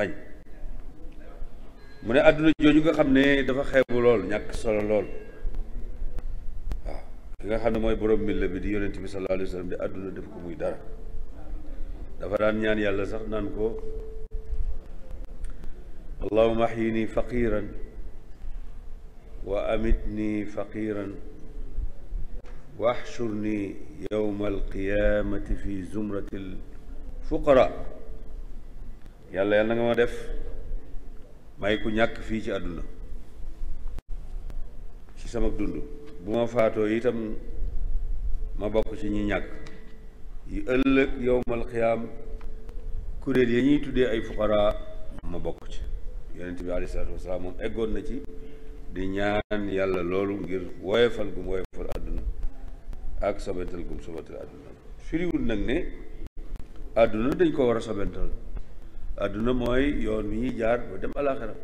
bañ mu ne àdduna jooju nga xam ne dafa xeebu lool ñàkk solo lool waaw ki nga xam ne mooy borom milla bi di yonent bi sallallahu alayhi wa sallam di àdduna def ko muy dara dafa daan ñaan yàlla sax naan ko allahuma ahyini faqiran wa amitni faqiran wa axshurni yowma alqiyamati fi zumrati alfuqara yàlla yàlla na nga ma def may ku ñàkk fii ci àdduna ci sama dund bu ma faatoo itam ma bokk ci ñi ñàkk yi ëllëg yowmal xiyaam kuréel ya ñuy tuddee ay fuqaraa ma bokk ci yonent bi alayhi salaatu moom eggoon na ci di ñaan yàlla loolu ngir woyefal gum woyefal àdduna ak sobental gum sobental àdduna firiwul nag ne àdduna dañ ko war a sobental àdduna mooy yoon wi ñuy jaar ba dem alaxira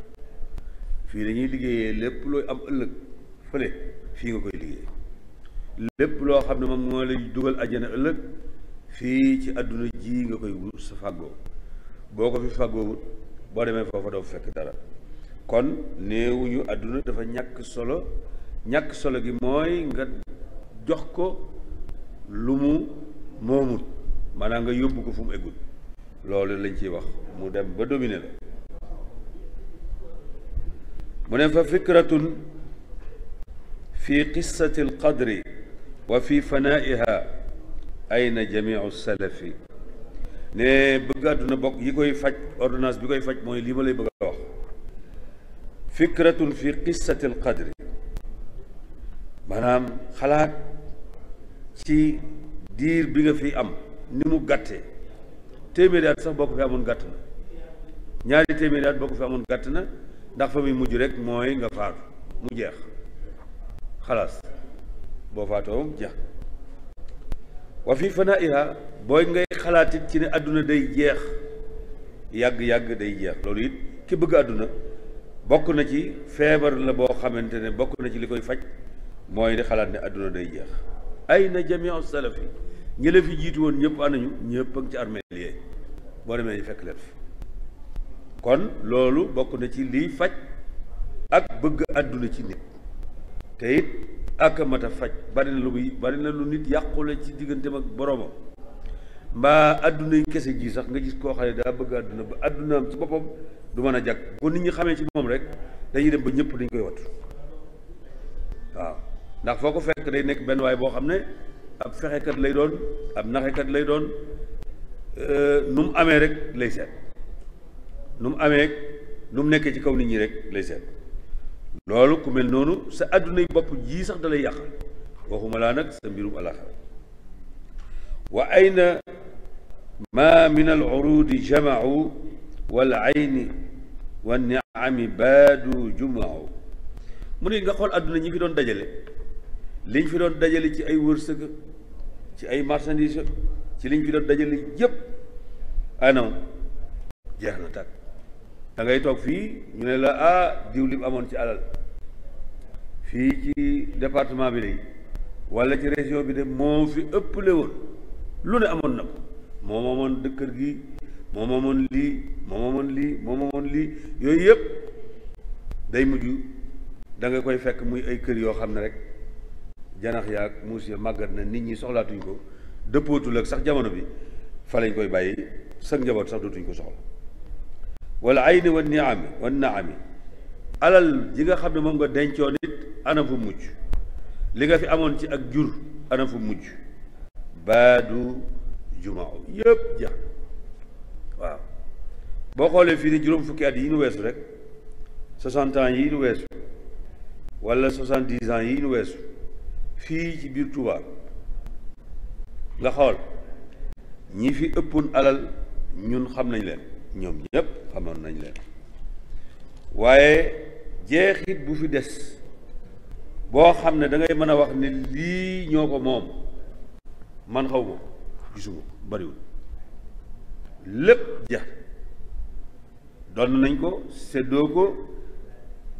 fii la ñuy liggéeyee lépp looy am ëllëg fële fii nga koy liggéey lépp loo xam ne moom moo lay dugal ajjana ëllëg fii ci àdduna ji nga koy wut sa fàggoo boo ko fi fàggoo boo demee foofa doo fekk dara kon néewuñu àdduna dafa ñàkk solo ñàkk solo gi mooy nga jox ko lu mu moomut maanaam nga yóbbu ko fu mu eggut loolu lañ ciy wax mu dem ba dominer la mu ne fa fikratun fi qissati alqadri wa fi fanaiha ayna jamiu salafi ne bëgg àdduna bokk yi koy faj ordonnance bi koy faj mooy lii ma lay bëgg a wax fikratun fi qissati alqadri maanaam xalaat ci diir bi nga fi am ni mu gàttee téeméeri at sax bokk ko fi amoon gàtt na ñaari téeméeri at boo fi amoon gàtt na ndax fa muy mujj rek mooy nga faatu mu jeex xalaas boo faatoo jeex wa fi fanaiha booy ngay xalaatit ci ne àdduna day jeex yàgg-yàgg day jeex loolu it ki bëgg àdduna bokk na ci feebar la boo xamante ne bokk na ci li koy faj mooy di xalaat ne àdduna day jeex ay na jamiu salafi ñi la fi jiitu woon ñëpp ànd ñu ñëpp ak ci armée yi boo demee ñu fekk leen fi kon loolu bokk na ci liy faj ak bëgg àdduna ci nit te it ak faj bari na lu muy bari na lu nit yàqule ci diggante ak boroomam mbaa àdduna yi kese ji sax nga gis koo xam ne daa bëgg àdduna ba àddunaam ci boppam du mën a jàkk bu nit ñi xamee ci moom rek dañuy dem ba ñëpp dañ koy wat waaw ndax foo ko fekk day nekk benn waay boo xam ne ab fexekat lay doon ab naxekat lay doon euh, nu mu amee rek lay seet nu mu amee rek nu mu nekkee ci kaw nit ñi rek lay seet loolu ku mel noonu sa àddunay bopp jii sax da lay yàqal nag sa mbirum alaxira wa ayna ma min al urudi jamaau wal ayni wa niami baadu jumau mu ne nga xool àdduna ñi fi doon dajale liñ fi doon dajale ci ay wërsëg ci ay marchandise ci liñ fi doon dajale yépp anon ah jeex na takk dangay toog fii ñu ne la ah diw li amoon ci alal fii ci département bi de walla ci région bi de moo fi ëpple woon lu ne amoon na ko moo moomoon dëkkër gi moo moomoon lii moo moomoon lii yooyu yëpp day mujj da nga koy fekk muy ay kër yoo xam ne rek janax yaag muus ya màggat na nit ñi soxlaatuñ ko dëppootul ak sax jamono bi fa lañ koy bàyyi sag njaboot sax dootuñ ko soxla wala ayni wan niami wan naami alal ji nga xam ne moom nga dencoon it anam fu mujj li nga fi amoon ci ak jur anam fu mujj baadu jumaaw yëpp jeex waaw boo xoolee fii ni juróom fukki at yi nu weesu rek soixante ans yi ñu weesu wala soixante-dix ans yi ñu weesu fii ci biir tubaab nga xool ñi fi ëppoon alal ñun xam nañ leen ñoom ñépp xamoon nañ leen waaye jeexit bu fi des boo xam ne da mën a wax ne lii ñoo ko moom man xaw ma gisuma bariwul lépp jeex donn nañ ko séddoo ko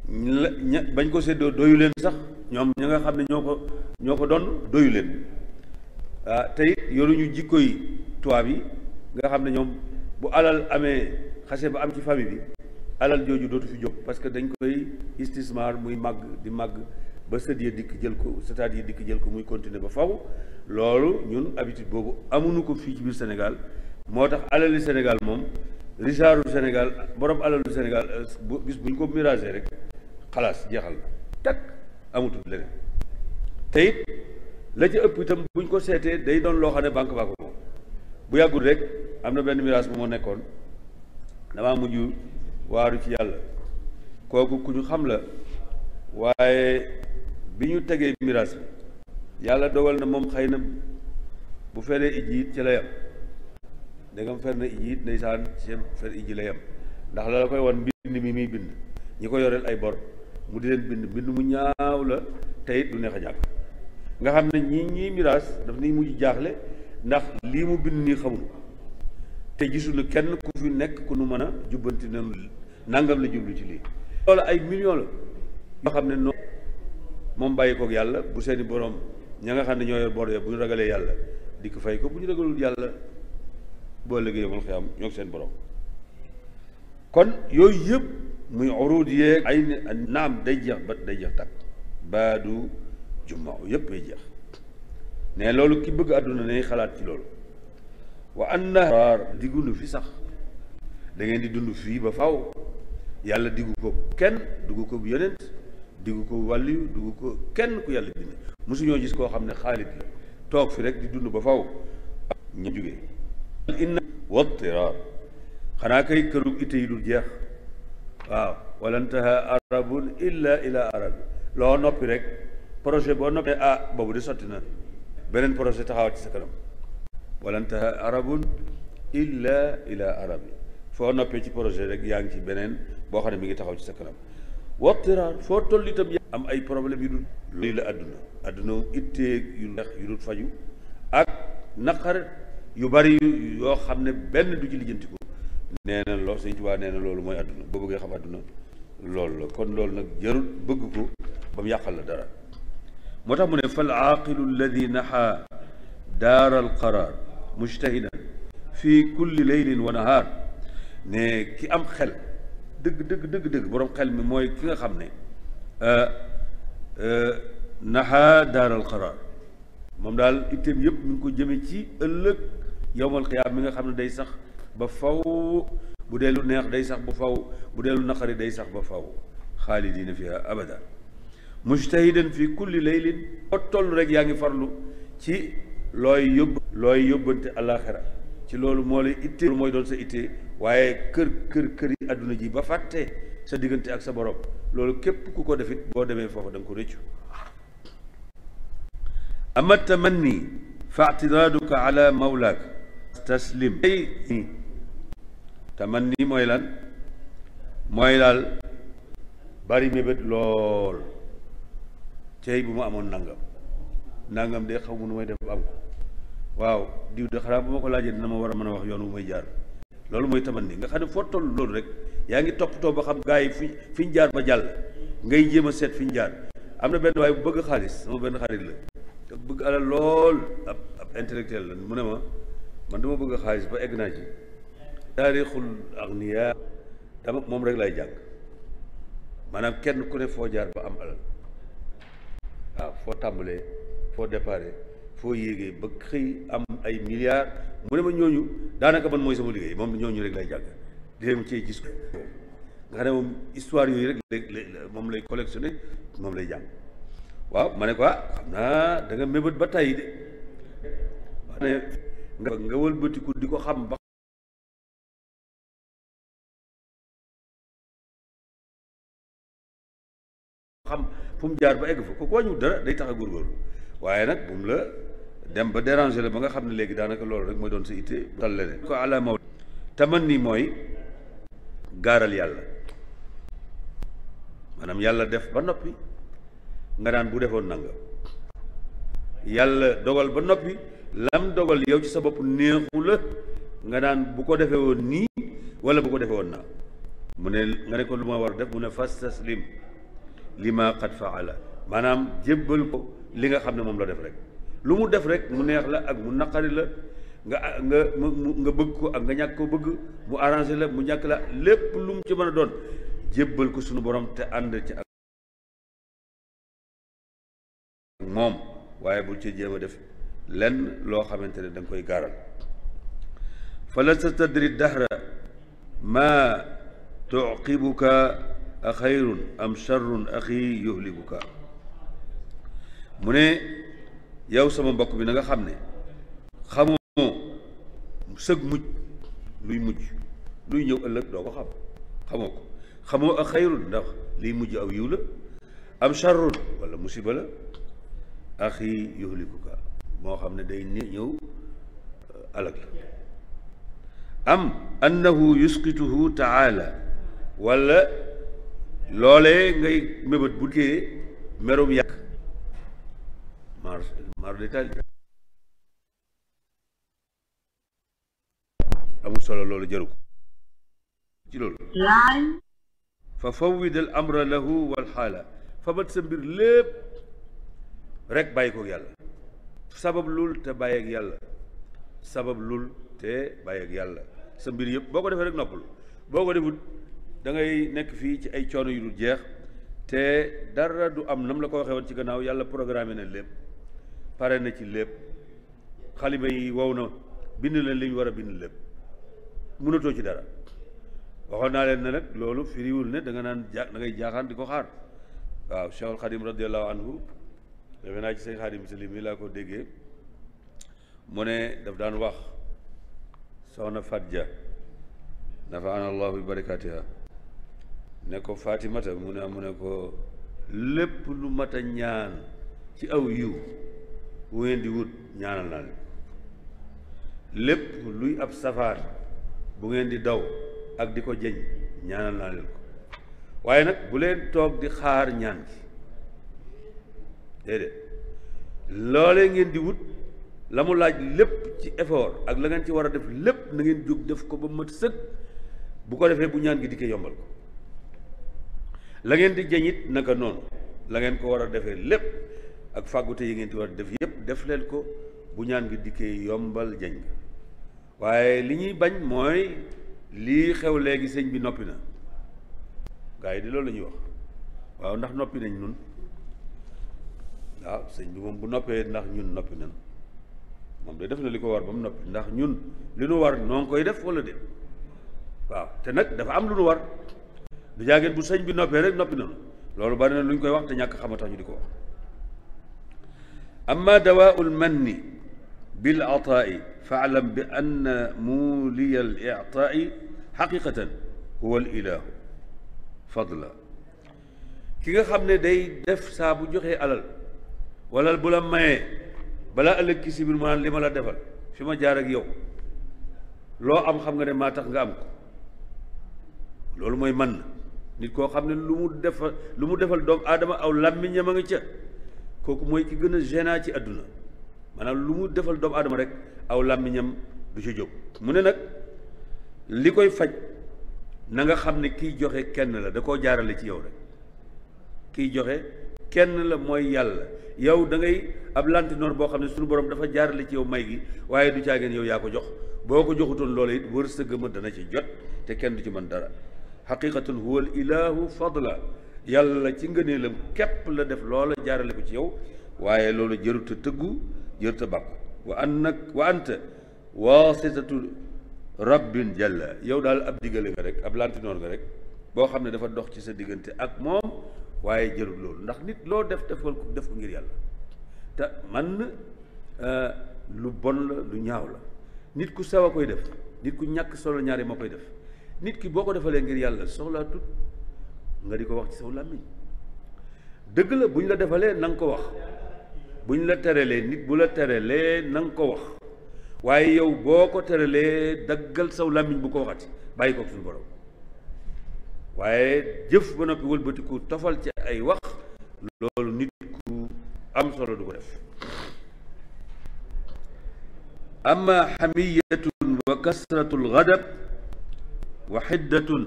ña bañ ko séddoo doyu leen sax ñoom ñi nga xam ne ñoo ko ñoo ko doon doyu leen ah te it yoruñu jikko yi yi nga xam ne ñoom bu alal amee xase ba am ci famille bi alal jooju dootu fi jóg parce que dañ koy istismar muy màgg di màgg ba sët dikk jël ko sëtaat yi dikk jël ko muy continuer ba faw loolu ñun habitude boobu amuñu ko fii ci biir Sénégal moo tax alali Sénégal moom richard u Sénégal borom alalu Sénégal euh, bis bu ñu ko mirage rek xalaas jeexal na takk amatul leneen te it la ci ëpp itam buñ ko seetee day doon loo xam ne banque baa ko bu yàggul rek am na benn miraas bu moo nekkoon damaa mujj waaru ci yàlla kooku ku ñu xam la waaye bi ñu tegee miraas bi yàlla dogal na moom xëy na bu feree ijji it ci la yam ndegam fer na ijji it ndeysaan seen fer ijji la yem ndax la la koy wan mbind mi muy bind ñi ko yoreel ay bor mu di leen bind bind mu ñaaw la tey du neex a jàpp nga xam ne ñi ñii miraas daf ni mujj jaaxle ndax lii mu bind nii xamul te gisul kenn ku fi nekk ku nu mën a jubbanti na nangam la jublu ci lii loolu ay millions la xam ne noonu moom bàyyi kook yàlla bu seeni boroom ña nga xam ne ñoo yor bor bu ñu ragalee yàlla di ko fay ko bu ñu ragalul yàlla boo léegi yomal xiyam ñoo seen boroom kon yooyu yëpp muy uruud yeeg ay naam day jeex ba day jeex takk du jumaa yépp ay jeex ne loolu ki bëgg àdduna ne xalaat ci loolu wa annaar di dund fi sax da ngeen di dund fii ba faw yàlla diggu ko kenn diggu ko yonent diggu ko wàlliyu diggu ko kenn ku yàlla bind mosuñoo gis koo xam ne xaalit la toog fi rek di dund ba faw ñu jógee inna wattiraar xanaa kay këru ite yi dul jeex waaw walantaha arabun illa ila arabi loo noppi rek projet boo noppee ah boobu di sotti na beneen projet taxaw ci sa kanam walantaha arabun illa ila arabi foo noppee ci projet rek yaa ngi ci beneen boo xam ne mi ngi taxaw ci sa kanam waxtiraan foo toll itam am ay problème yu dul lii la àdduna àdduna itteeg yu neex yu dul faju ak naqar yu bari yoo xam ne benn du ci lijjanti nee na loo Sëñ Tuubaa nee na loolu mooy àdduna boo bëggee xam àdduna loolu la kon loolu nag jarul bëgg ko ba mu yàqal la dara moo tax mu ne fal aaqilu alladi naxaa daara alqaraar mujtahidan fii kulli leylin wa nahaar ne ki am xel dëgg boroom xel mi mooy ki nga xam ne euh, euh, naxaa daara alqaraar moom daal itteem yëpp mi ngi ko jëme ci ëllëg yowmal qiyaam mi nga xam ne day sax ba faw bu dee neex day sax ba faw bu dee naqari day sax ba faw xaalidina fiha abada mujtahidan fi kulli laylin foo toll rek yaa ngi farlu ci looy yóbbante alaxira ci loolu moo lay ittee mooy doon sa ittee waaye kër kër yi àdduna ji ba fàtte sa diggante ak sa borom loolu képp ku ko defit boo demee foofu da ko rëccu ama tamanni fa i'tiraduka ala mawlaak taslim te man nii mooy lan mooy daal bari mébét lool tey bu ma amoon nangam nangam de xaw ma nu may def am ko waaw diw de xanaa bu ma ko laajee dina ma war a mën a wax yoon wu may jaar loolu mooy ni nga xam ne foo toll loolu rek yaa ngi toppatoo ba xam gars yi fi fi ñu jaar ba jàll ngay jéem a seet fi jaar am na benn waaye bu bëgg xaalis sama benn xarit la bëgg alal lool ab ab intellectuel la mu ne ma man dama bëgg xaalis ba egg naa ci taarixul agniya dama moom rek lay jàng maanaam kenn ku ne foo jaar ba am alal waaw foo tàmbalee foo déparé foo yéegee ba xëy am ay milliards mu ne ma ñooñu daanaka man mooy sama liggéey moom ñooñu rek lay jàng di leen cee gis nga xam ne moom histoire yooyu rek léeg moom lay collectionné moom lay jàng waaw ma ne ah, xam naa da nga ba tey de. nga wëlbatiku di ko xam ba fu jaar ba egg fa kooku wàññiwul dara day tax a waaye nag bu la dem ba déranger la ba nga xam ne léegi daanaka loolu rek mooy doon sa ittee tal leneen ko ala maw taman ni mooy gaaral yàlla maanaam yàlla def ba noppi nga daan bu defoon nanga yàlla dogal ba noppi lam dogal yow ci sa bopp neexu la nga daan bu ko defee woon nii wala bu ko defee woon naa mu ne nga ne ko lu ma war def mu ne fas taslim li ma qad faala maanaam jébbal ko li nga xam ne moom la def rek lu mu def rek mu neex la ak mu naqari la nga nga nga bëgg ko ak nga ñàkk ko bëgg mu arrangé la mu ñàkk la lépp lu mu ci mën a doon jébbal ko suñu borom te ànd ci ak moom waaye bul ci jéem a def lenn loo xamante ne da koy gaaral fa la tastadri dahra ma tuqibuka a am sharrun axi yuhlikuka mu ne yow sama mbokk bi na xam ne xamoo sëg mujj luy mujj luy ñëw ëllëg doo ko xam xamoo ko xamoo ak ndax liy mujj aw yiw la am sharrun wala musiba la axi yuhlikuka moo xam ne day ñëw euh, alag la am annahu yusqituhu taala wala loole ngay mébét bu dee merum yàq mar mar détail amul solo loolu jëru ko ci loolu fa fawwid al amra lahu wal fabat sa mbir lépp rek bàyyi kook yàlla sabab lul te bàyyi ak yàlla sabab lul te bàyyi ak yàlla sa mbir yëpp boo ko defee rek noppalu boo ko defut dangay nekk fii ci ay coono yu dul jeex te dara du am nam la ko waxee woon ci gannaaw yàlla programme na lépp pare na ci lépp xalima yi wow na bind leen li war a bind lépp mënatoo ci dara waxoon naa leen ne nag loolu firiwul ne da nga naan ja ngay jaaxaan di ko xaar waaw Cheikhul Khadim radiallahu anhu defe naa ci sëñ Khadim Salim mi laa ko déggee mu ne daf daan wax soxna Fadja nafa bi barakatiha ne ko faati Fatimata mu ne mu ne ko lépp lu mat a ñaan ci aw yiw bu ngeen di wut ñaanal naa leen lépp luy ab safaan bu ngeen di daw ak di ko jëñ ñaanal naa leen ko waaye nag bu leen toog di xaar ñaan ci déedéet loolee ngeen di wut la mu laaj lépp ci effort ak la ngeen ci war a def lépp na ngeen jóg def ko ba mat sëkk bu ko defee bu ñaan gi dikkee yombal ko la ngeen di jëñ it naka noonu la ngeen ko war a defee lépp ak fàggute yi ngeen di war a def yépp def leen ko bu ñaan gi dikkee yombal jëñ ga waaye li ñuy bañ mooy lii xew léegi sëñ bi noppi na gaa yi di loolu la ñuy wax waaw ndax noppi nañ ñun waaw sëñ bi moom bu noppee ndax ñun noppi na moom de def na li ko war ba mu noppi ndax ñun li nu war noo koy def wala de waaw te nag dafa am lu nu war du jaageen bu sëñ bi noppee rek noppi noonu loolu bari na lu ñu koy wax te ñàkk xama tax ñu di ko wax amma dawaaul manni bil ataai faalam bi anna muuliya al itaai xaqiqatan huwa ki nga xam ne day def saa bu joxee alal wala bu la mayee balaa ëllëg ki si biir li ma la defal fi ma jaar ak yow loo am xam nga ne maa tax nga am ko loolu mooy man na nit koo xam ne lu mu defal lu mu defal doomu aadama aw làmmiñam a nga ca kooku mooy ki gën a gênant ci àdduna maanaam lu mu defal doomu adama rek aw làmmiñam du ci jóg mu ne nag li koy faj na nga xam ne kiy joxe kenn la da koo jaarale ci yow rek kiy joxe kenn la mooy yàlla yow da ngay ab lantinoor boo xam ne suñu borom dafa jaarale ci yow may gi waaye du caageen yow yaa ko jox boo ko joxutoon loola wër wërsëg ma dana ci jot te kenn du ci mën dara xaqiqatan huwa al ilahu fadla yàlla ci ngëneelam képp la def loola jaarale ko ci yow waaye loolu jëruta tëggu jëruta bàkku wa an nag wa anta waasitatu rabbin jalla yow daal ab diggale nga rek ab lantinoor nga rek boo xam ne dafa dox ci sa diggante ak moom waaye jërul loolu ndax nit loo def defal ko def ko ngir yàlla te man euh, lu bon la lu ñaaw la nit ku sew a koy def nit ku ñàkk solo ñaari moo koy def nit ki boo ko defalee ngir yàlla soxlaa tut nga di ko wax ci saw làmmiñ dëgg la bu ñu la defalee na ko wax bu ñu la terelee nit bu la terelee na ko wax waaye yow boo ko terelee daggal saw làmmiñ bu ko waxati bàyyi ko suñu borom waaye jëf ba noppi wëlbatiku tofal ci ay wax loolu nit ku am solo du ko def amma xamiyatun wa kasratul ghadab wa xiddatun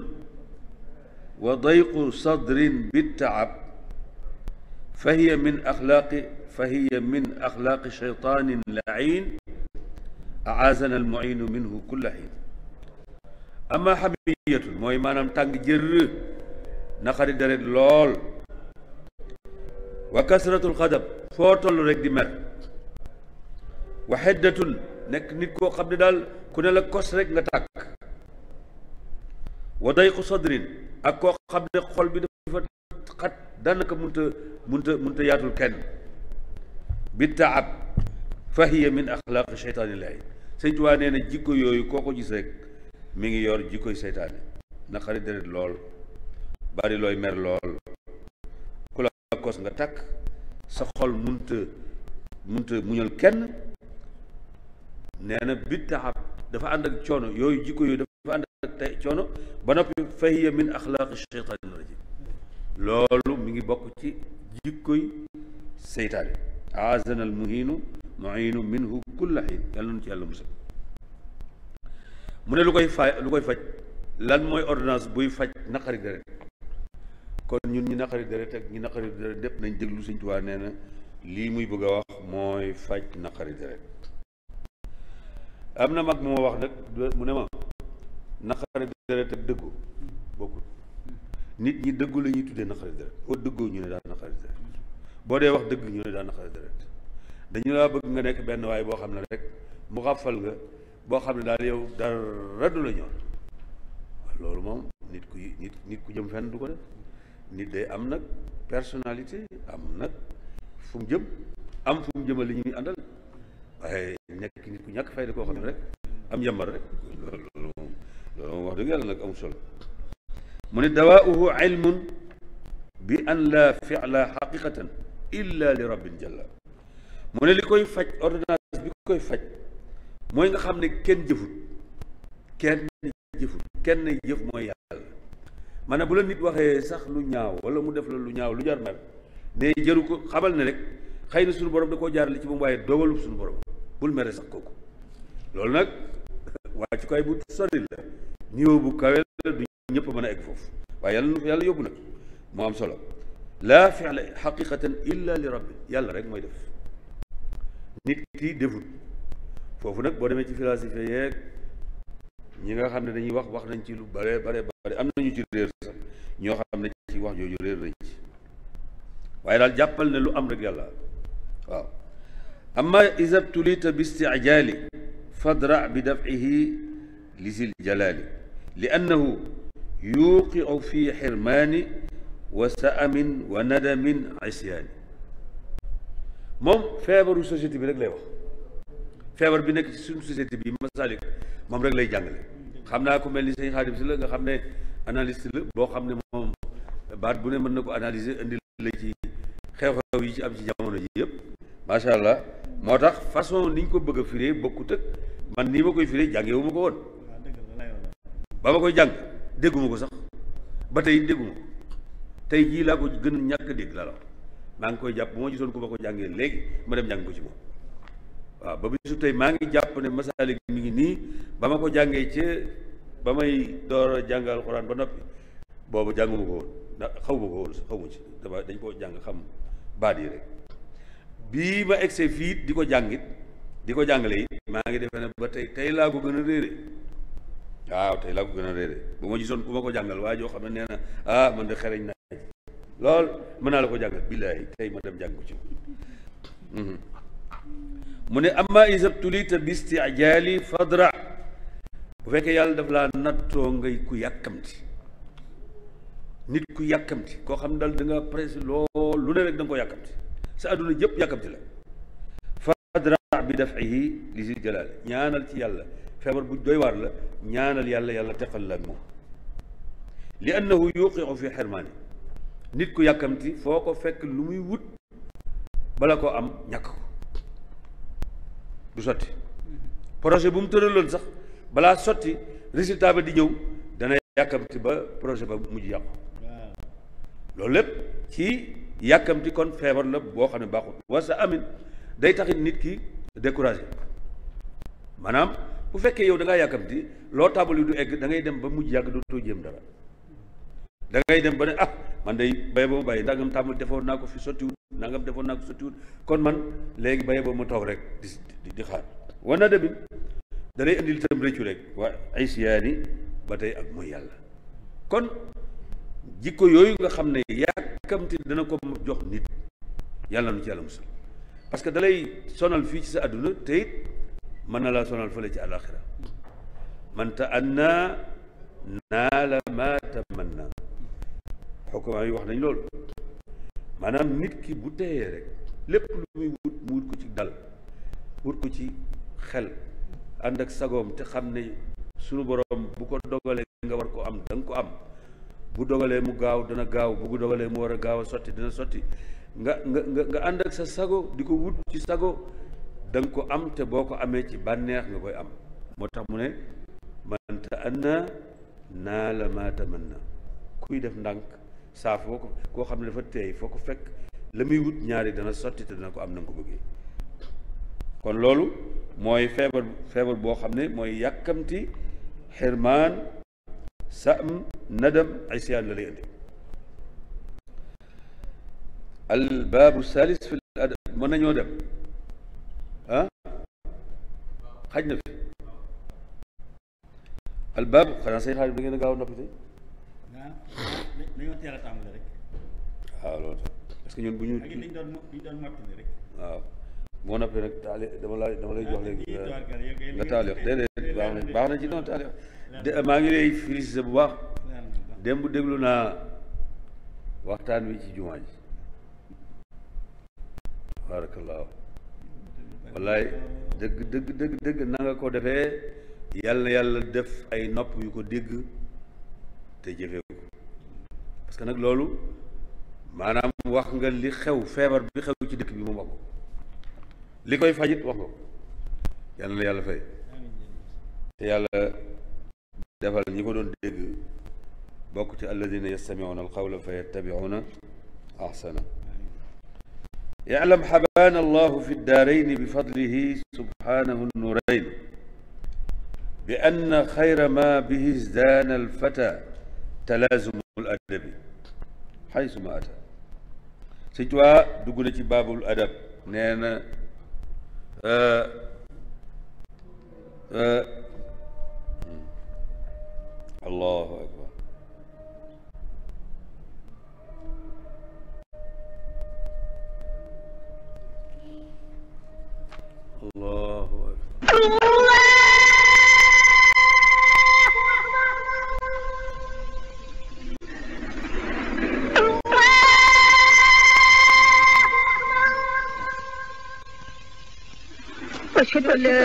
wa dayqu sadrin bittaab fa hiya min axlaaqi fa hiya min axlaaqi shaytaanin la'iin aazana almuinu minhu kulla xiin ama xamiyatun mooy maanaam tàng jër naqari deret lool wa kasratul xadab foo toll rek di mer wa xiddatun nekk nit koo xam ne daal ku ne la kos rek nga tàkk wa dayqu sadrin ak koo xam ne xol bi dafa xat daanaka munta munta munta yaatul kenn bi taab fa hiya min axlaaqi sheytaanillahi sëñ Tuubaa nee na jikko yooyu koo ko gis rek mi ngi yor jikkoy seytaane naqari deret lool bari looy mer lool ku la kos nga takk sa xol munta munta muñal kenn nee na bi taxab dafa ànd ak coono yooyu jikko yooyu dafa ànd ak coono ba noppi fahiya min axlaaqi sheytaani rajim loolu mi ngi bokk ci jikkoy seytaane aazana al muhiinu muhiinu minhu kulla xiin yàlla nu ci yàlla musal mu ne lu koy fa lu koy faj lan mooy ordinance buy faj naqari deret kon ñun ñi naqari deret ak ñi naqari deret dépp nañ déglu Sëñ Tuubaa nee na lii muy bëgg a wax mooy faj naqari deret am na mag mu ma wax nag mu ne ma naqari deret ak dëggu bokkul nit ñi dëggu la ñuy tuddee naqari deret boo dëggoo ñu ne daal naqari deret boo dee wax dëgg ñu ne daal naqari deret dañu laa bëgg nga nekk benn waay boo xam ne rek mu xàffal nga boo xam ne daal yow dara du la ñor loolu moom nit ku nit nit ku jëm fenn du ko def nit day am nag personnalité am nag fu mu jëm am fu jëmal li ñuy àndal waaye nekk nit ku ñàkk fayda koo xam ne rek am yambar rek loolu loolu moom wax dëgg yàlla nag amul solo mu ne dawaauhu ilmun bi an laa fila xaqiqatan illa li rabbin jalla mu ne li koy faj ordonnance bi koy faj mooy nga xam ne kenn jëfut kenn jëfut kenn jëf mooy yàlla maanaam bu la nit waxee sax lu ñaaw wala mu def la lu ñaaw lu jar mer ne jëru ko xamal ne rek xay na suñu borom da koo jaarale ci moom waaye dogalu suñu borom bul mere sax kooku loolu nag wàccukaay bu sori la niveau bu kawe la du ñëpp mën a egg foofu waaye yàlla na yàlla yóbbu nag moo am solo laa fi'la xaqiqatan illa li rabbi yàlla rek mooy def nit ki deful foofu nag boo demee ci philosophie yeeg ñi nga xam ne dañuy wax wax nañ ci lu bare bare bare am nañu ci réer sax ñoo xam ne ci wax jooju réer nañ ci waaye daal jàppal ne lu am rek yàlla waaw amma iza btulita bi istijaali fadra bi dafcihi li zil jalaali li annahu yuqiu fi xirmaani wa saamin wa nadamin isyaani moom feebaru société bi rek lay wax feebar bi nekk ci suñu société bi masalik moom rek lay jàngale xam naa ko mel ni sëñ Xaadim si la nga xam ne analyste la boo xam ne moom baat bu ne mën na ko analyser indi la ci xew-xew yi ci am ci jamono ji yëpp macha allah moo tax façon niñ ko bëgg a firee bokkut man nii ma koy firee jàngewu ma ko woon ba ma koy jàng dégguma ko sax ba tey dégguma ko tey jii laa ko gën a ñàkk dégg la maa ngi koy jàpp moo gisoon ko ma ko jàngee léegi ma dem jàng ko ci moom waaw ba bisu tey maa ngi jàpp ne masaalik mi ngi nii ba ma ko jàngee ci ba may door a jàng alxuraan ba noppi boobu jànguma ko woon ndax xaw ma ko woon xaw ma ci dama dañ koo jàng xam baat yi rek bii ma egsee fii di ko jàngit di ko jàngale it maa ngi defe ne ba tey tey laa ko gën a réere waaw tey laa ko gën a réere bu ma gisoon ku ma ko jàngal waa joo xam ne nee na ah man de xereñ naa lool mën naa la ko jàngal billaahi tey ma dem jàng ko ci mhm. mu ne amma isabtulita bistijaali fadra bu fekkee yàlla daf laa nattoo ngay ku yàkkamti nit ku yàkkamti koo xam ne daal da nga presse lool lu ne rek da nga ko yàkkamti sa àdduna yëpp yàkkamti la fadra bi def dafehi li si jalaale ñaanal ci yàlla feebar bu doy waar la ñaanal yàlla yàlla teqal la moom li annahu yuqiu fi xirmaani nit ku yàkkamti foo ko fekk lu muy wut bala ko am ñàkk ko du sotti projet bu mu lool sax balaa sotti résultat ba di ñëw dana yàkkamti ba projet ba mujj yàqu loolu lépp ci yàkkamti kon feebar la boo xam ne baaxul war sa amin day taxit nit ki découragé maanaam bu fekkee yow dangay ngaa yàkkamti loo taabal yi du egg da ngay dem ba mujj yàgg dootoo jéem dara da ngay dem ba ne ah man day bay boo bàyyi ndangam tàmbali defoon naa ko fi sottiwut ndangam defoon naa ko sottiwut kon man léegi bay boo ma toog rek di di xaar wana demit da lay indil itam réccu rek waa ay siyaani ba tey ak mooy yàlla kon jikko yooyu nga xam ne yàkkamti dana ko jox nit yàlla nu ci yàlla musal parce que dalay sonal fii ci sa àdduna te mën na laa sonal fële ci àlaxira man ta anna naa la ma tamanna xukkamaa yi wax nañ loolu maanaam nit ki bu teyee rek lépp lu muy wut mu wut ko ci dal wut ko ci xel ànd ak sagoom te xam ne sunu borom bu ko dogalee nga war ko am danga ko am bu dogalee mu gaaw dana gaaw bu dogalee mu war a gaaw a sotti dana sotti nga nga nga nga ànd ak sa sago di ko wut ci sago danga ko am te boo ko amee ci bànneex nga koy am moo tax mu ne man ta'anna naa la ma na kuy def ndànk saa foo ko koo xam ne dafa teey foo ko fekk la muy wut ñaari dana sotti te dana ko am na nga ko bëggee kon loolu mooy feebar feebar boo xam ne mooy yàkkamti xirmaan sam nadam isyaan la lay indi al baabu salis fi mën nañoo dem ah xaj na fi al baabu xanaa say xaalis da ngeen a gaaw noppi tey a waaw loolu parce bu ñu dañ doon dañ doon mottali rek waaw dama lay dama lay jox léegi nga taalix déedéet baax na baax na ci doon maa ngi lay félicité bu baax démb déglu naa waxtaan wi ci jumaa ji tabaarakallaahu wallaay dëgg dëgg dëgg dëgg na ko defee yàlla na yàlla def ay nopp yu ko dégg te jëfee ko parce nag loolu maanaam wax nga li xew feebar bi xew ci dëkk bi mu bokk li koy fajit wax nga ko yàlla na yàlla fay te yàlla defal ñi ko doon dégg bokk ci alladina yastamicuuna alqawla fa yattabicuuna axsana yaclam xabaana allahu fi ddaarayni bifadlihi subhanahu nurayn bi ann xayra ma bihi izdaana alfata talaazumu ladabi xaysuma ata sëñ Tuubaa dugg na ci baabul adab nee na euh, euh, hmm, allahu akbar allahu akbar أشهد أن لا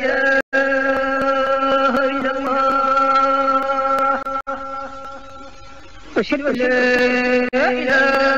إله إلا الله أشهد أن لا إله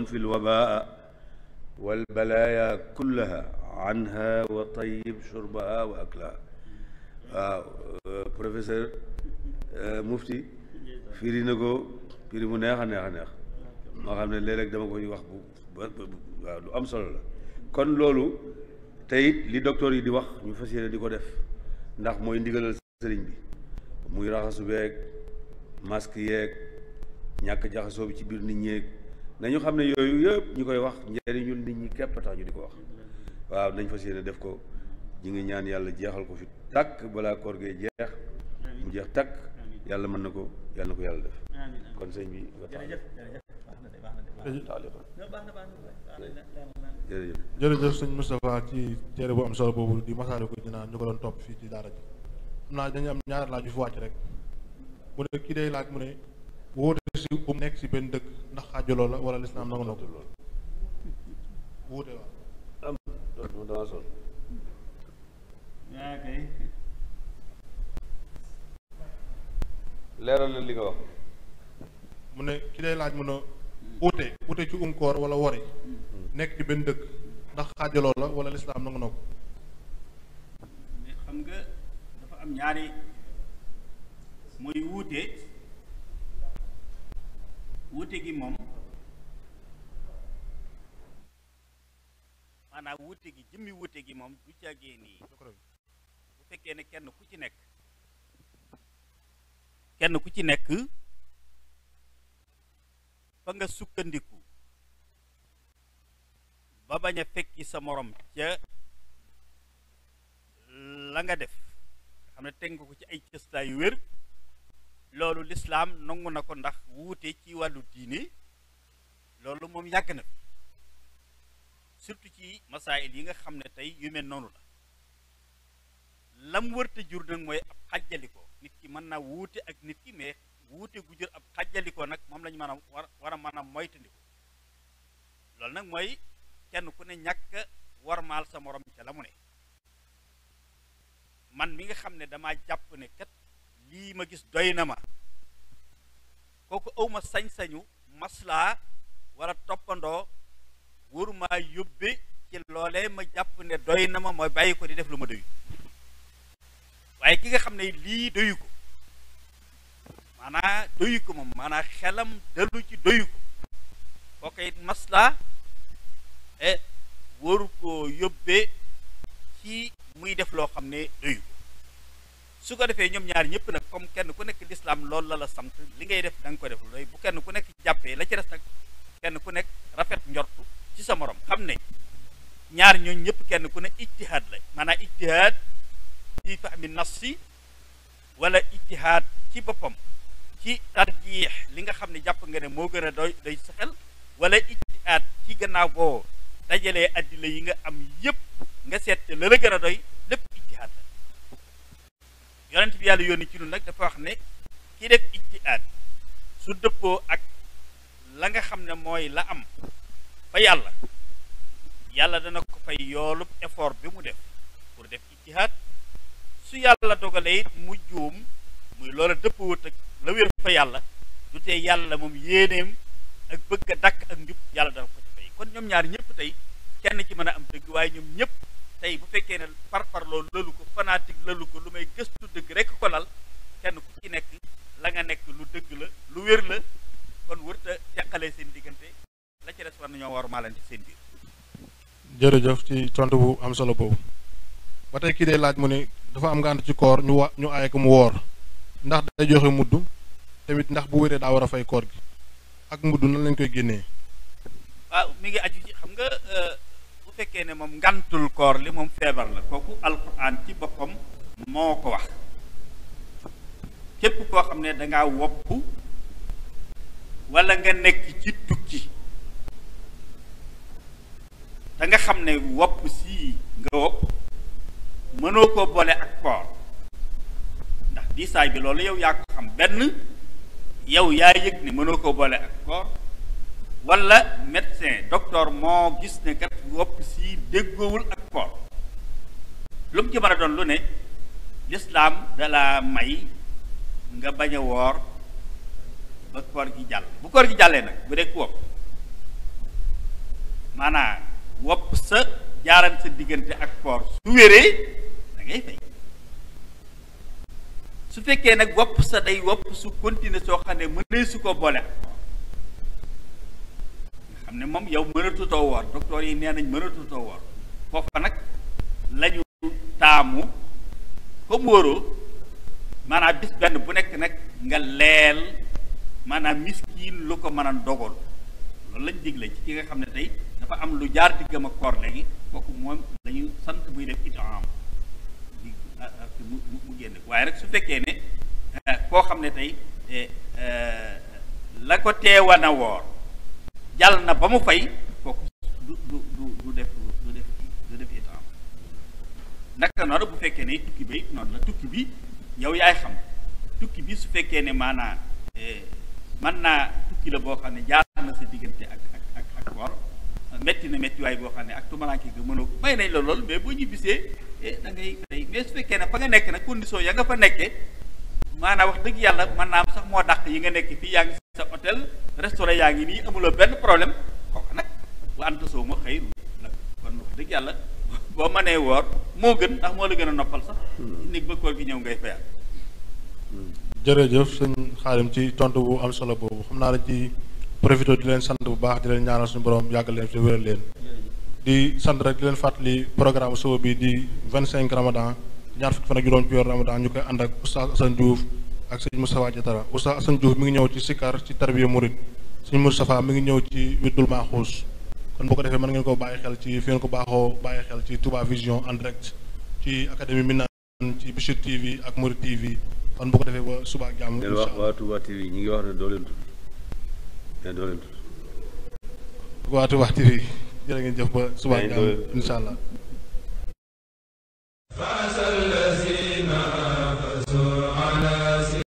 wanfi lwabaa walbalaaya kullaha anha wa tayib shurbaha wa aklaha waaw professeur mufti firi na ko firi mu neex a neex a neex moo xam ne léeg-léeg dama koy wax bu ba lu am solo la kon loolu teyit li docteur yi di wax ñu fas yéene di ko def ndax mooy ndigalal sëriñ bi muy raxasu beeg masque yeeg ñàkk jaxasoo bi ci biir nit ñeeg nañu xam ne yooyu yëpp ñu koy wax njëriñu nit ñi képp tax ñu di ko wax waaw nañ fa yéene def ko ñu ngi ñaan yàlla jeexal ko fi tàkk balaa koor gee jeex mu jeex tàkk yàlla mën na ko yàlla ko yàlla def kon sëñ bi jërëjëf jërëjëf sëñ Moustapha ci téere bu am solo boobu di masaale ko dinaa ñu ko doon topp fii ci daara ji naa dañu am ñaari laaj yu fi wàcc rek mu ne kii day laaj mu ne wóote si nekk si benn dëkk ndax xaajaloo la wala lislaam nangu na ko wóote waaw leeral la li nga wax ne ki day laaj mun a wóote ci um wala wori nekk ci benn dëkk ndax xaajaloo la wala lislaam nangu na ko xam nga am ñaari mooy wuute wute gi moom maanaam wute gi jëmmi wute gi moom du jàggee nii bu fekkee ne kenn ku ci nekk kenn ku ci nekk fa nga sukkandiku ba bañ a fekki sa morom ca la nga def xam ne teg nga ko ci ay cëstaa yu wér loolu lislaam nangu na ko ndax wuute ci wàllu diine loolu moom yàgg na surtout ci masaayil yi nga xam ne tey yu mel noonu la lam wërta jur nag mooy ab xàjjalikoo nit ki mën naa wuute ak nit ki mais wuute gu jur ab xàjjalikoo nag moom lañu mën a war war a man a moytandiku loolu nag mooy kenn ku ne ñàkk warmaal sa morom ca la mu ne man mi nga xam ne dama jàpp ne kat lii ma gis doy na ma kooku awma sañ-sañu maslaa wala toppandoo waruma maa yóbbe ci loolee ma jàpp ne doy na ma mooy bàyyi ko di def lu ma doyu waaye ki nga xam ne lii doyu ko maanaa doyu ko moom xelam dalu ci doyu ko kooku it maslaa e eh, wóoru koo yóbbe ci muy def loo xam ne doyu su ko defee ñoom ñaar ñëpp nag comme kenn ku nekk lislaam loolu la la sant li ngay def da ko def looy bu kenn ku nekk jàppee la ci des nag ku nekk rafet njortu ci sa morom xam ne ñaar ñooñu ñëpp kenn ku ne ijtihaad la maanaam ijtihaad fi fahmi nassi wala ijtihaad ci boppam ci tarjiix li nga xam ne jàpp nga ne moo gën a doy doy sa xel wala ijtihaad ci gannaaw boo dajalee addila yi nga am yëpp nga seet la la gën a doy yonent bi yàlla yónni ci ñun nag dafa wax ne ki def ijtihaad su dëppoo ak la nga xam ne mooy la am fa yàlla yàlla dana ko fay yoolub effort bi mu def pour def ijtihaad su yàlla dogalee it mu juum muy loola dëppoowut ak la wér fa yàlla du tee yàlla moom yéeneem ak bëgg a dakk ak njub yàlla dana ko ci fay kon ñoom ñaar ñëpp tey kenn ci mën a am dëgg waaye ñoom ñëpp tey bu fekkee ne par par loolu lëlu ko fanatique lalu ko lu may gëstu dëgg rekk ko lal kenn ku ci nekk la nga nekk lu dëgg la lu wér la kon wërta jàqalee seen diggante la ci des war nañoo war maalante seen biir jërëjëf ci tontu bu am solo boobu ba tey kii day laaj mu ne dafa am ngànt ci koor ñu wa ñu aaye ko mu woor ndax day joxe mudd tamit ndax bu wéree daa war a fay koor gi ak mudd na lañ koy génnee waaw mi aju ci xam nga euh, fekkee ne moom ngantul koor li moom feebar la kooku alquran ci boppam moo ko wax képp koo xam ne danga wopp wala nga nekk ci tukki danga xam ne wopp sii nga wopp mënoo ko boole ak koor ndax saay bi loolu yow yaa ko xam benn yow yaa yëg ne mënoo ko boole ak koor wala médecin docteur moo gis ne kat wopp si déggoowul ak koor lu mu ci mën doon lu ne lislaam da may nga baña woor ba koor gi jàll bu koor gi jàllee nag bu dee ku wopp maanaam wopp sa jaaran sa diggante ak koor su wéree da ngay su fekkee nag wopp sa day wopp su continuer soo xam ne mënee su ko boole xam ne moom yow mënatutoo woor docteur yi nee nañ mënatutoo woor foofa nag lañu taamu ko wóoroo maanaa bis benn bu nekk nag nga leel maanaam miskiin lu ko mën a dogal loolu lañ digle ci ki nga xam ne tey dafa am lu jaar diggam ak koor léegi kooku moom lañu sant muy def itam ah, ah, mu mu génn waaye rek su fekkee ne eh, koo xam ne tey eh, eh, la ko teewan a woor jàll na ba mu fay kooku du du du du def du def du def itam naka noonu bu fekkee ne tukki ba it noonu la tukki bi yow yaay xam tukki bi su fekkee ne maanaa eh, mën naa tukki la boo xam ne jaar na sa diggante ak ak ak ak woor métti na métti waay boo xam ne ak tumalaanke nga mënoo ko may nañ la lool mais boo ñibbisee eh, da ngay day mais su fekkee na fa nga nekk na condition ya nga fa nekke maanaa wax dëgg yàlla mën naa am sax moo dàq yi nga nekk fii yaa sa hôtel restaurant yaa ngi nii amuloo benn problème kooku nag bu anta soo ma xëy nag kon yàlla boo mënee woor moo gën ndax moo la gën a noppal sax hmm. nit ba koor gi ñëw ngay fayal hmm. jërëjëf sëñ Xaadim ci tontu bu am solo boobu xam naa rek ci profité di leen sant bu baax di leen ñaanal suñu borom yàgg leen fi di sant rek di leen fàttali programme suba bi di vingt cinq ramadan ñaar fukki fan ak juróom ci weer ramadan ñu koy ànd ak Oustaz Assane Diouf ak sëñ Moustapha Diatara Oustaz Assane Diouf mi ngi ñëw ci Sikar ci Tarbiya Mouride sëñ Moustapha mi ngi ñëw ci Wirdul Maxuus kon bu ko defee mën ngeen ko bàyyi xel ci fi ngeen ko baaxoo bàyyi xel ci Touba Vision en direct ci académie Minane ci Bichir TV ak Mouride TV kon bu ko defee ba suba ak jàmm. incha allah wax waa Touba TV ñu ngi wax ne doo leen tudd mais doo leen tudd. waa Touba TV jërë ngeen